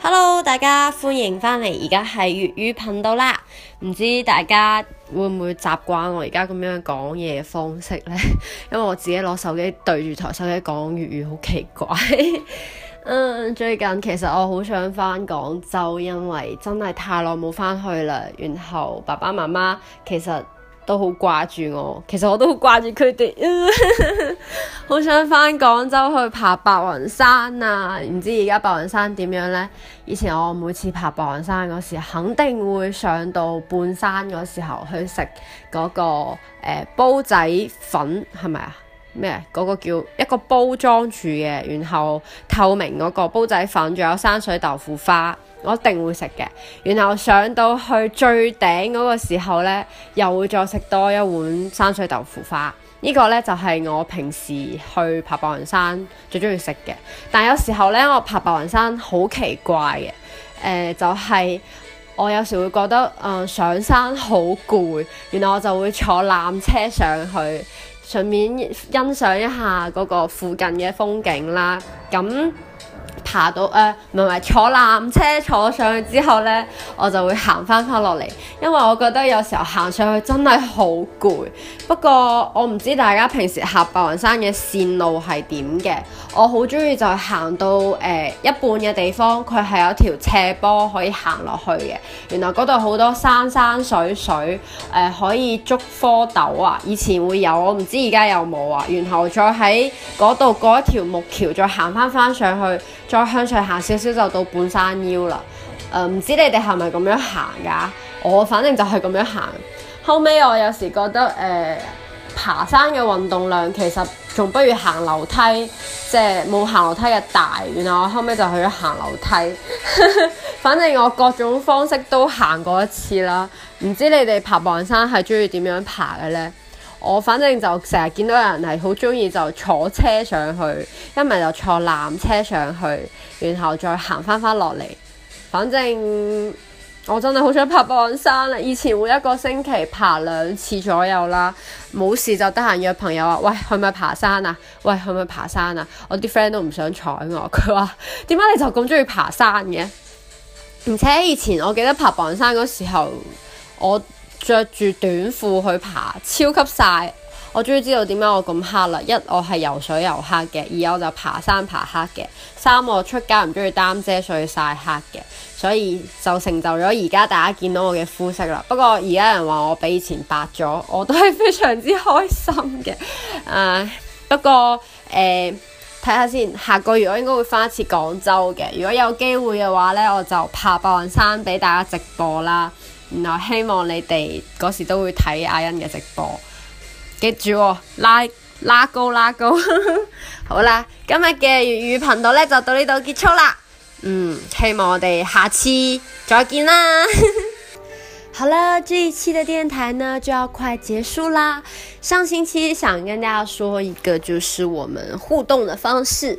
Hello，大家，歡迎翻嚟，而家係粵語頻道啦。唔知大家會唔會習慣我而家咁樣講嘢嘅方式呢？ 因為我自己攞手機對住台手機講粵語，好奇怪。 嗯，最近其實我好想翻廣州，因為真係太耐冇翻去啦。然後爸爸媽媽其實。都好掛住我，其實我都好掛住佢哋，好 想翻廣州去爬白雲山啊！唔知而家白雲山點樣呢？以前我每次爬白雲山嗰時候，肯定會上到半山嗰時候去食嗰、那個嗰個呃啊嗰個、個，個煲仔粉，係咪啊？咩嗰個叫一個煲裝住嘅，然後透明嗰個煲仔粉，仲有山水豆腐花。我一定會食嘅，然後上到去最頂嗰個時候呢，又會再食多一碗山水豆腐花。呢個呢，就係我平時去爬白雲山最中意食嘅。但有時候呢，我爬白雲山好奇怪嘅，誒，就係我有時會覺得，呃，上山好攰，然後我就會坐纜車上去，順便欣賞一下嗰個附近嘅風景啦。咁。爬到誒，唔係唔係坐纜車坐上去之後呢，我就會行翻翻落嚟，因為我覺得有時候行上去真係好攰。不過我唔知大家平時行白雲山嘅線路係點嘅，我好中意就係行到誒、呃、一半嘅地方，佢係有條斜坡可以行落去嘅。原來嗰度好多山山水水，誒、呃、可以捉蝌蚪啊！以前會有，我唔知而家有冇啊。然後再喺嗰度過一條木橋再行翻翻上去。再向上行少少就到半山腰啦。誒、呃，唔知你哋係咪咁樣行噶？我反正就係咁樣行。後尾我有時覺得誒、呃、爬山嘅運動量其實仲不如行樓梯，即係冇行樓梯嘅大。原來我後尾就去咗行樓梯。 反正我各種方式都行過一次啦。唔知你哋爬望山係中意點樣爬嘅咧？我反正就成日見到有人係好中意就坐車上去，一唔係就坐纜車上去，然後再行翻翻落嚟。反正我真係好想爬白雲山啦！以前會一個星期爬兩次左右啦。冇事就得閒約朋友啊，喂，去唔去爬山啊？喂，去唔去爬山啊？我啲 friend 都唔想睬我，佢話點解你就咁中意爬山嘅？而且以前我記得爬白雲山嗰時候，我，着住短褲去爬，超級曬。我終於知道點解我咁黑啦！一我係游水游黑嘅，二我就爬山爬黑嘅，三我出街唔中意擔遮，所以曬黑嘅。所以就成就咗而家大家見到我嘅膚色啦。不過而家人話我比以前白咗，我都係非常之開心嘅。誒、 啊，不過誒，呃、睇下先，下個月我應該會返一次廣州嘅。如果有機會嘅話咧，我就爬白雲山俾大家直播啦。然後希望你哋嗰時都會睇阿欣嘅直播，記住、哦、拉拉高拉高，拉高 好啦，今日嘅粵語頻道咧就到呢度結束啦。嗯，希望我哋下次再見啦。 好啦，這一期嘅電台呢就要快結束啦。上星期想跟大家說一個，就是我們互動嘅方式。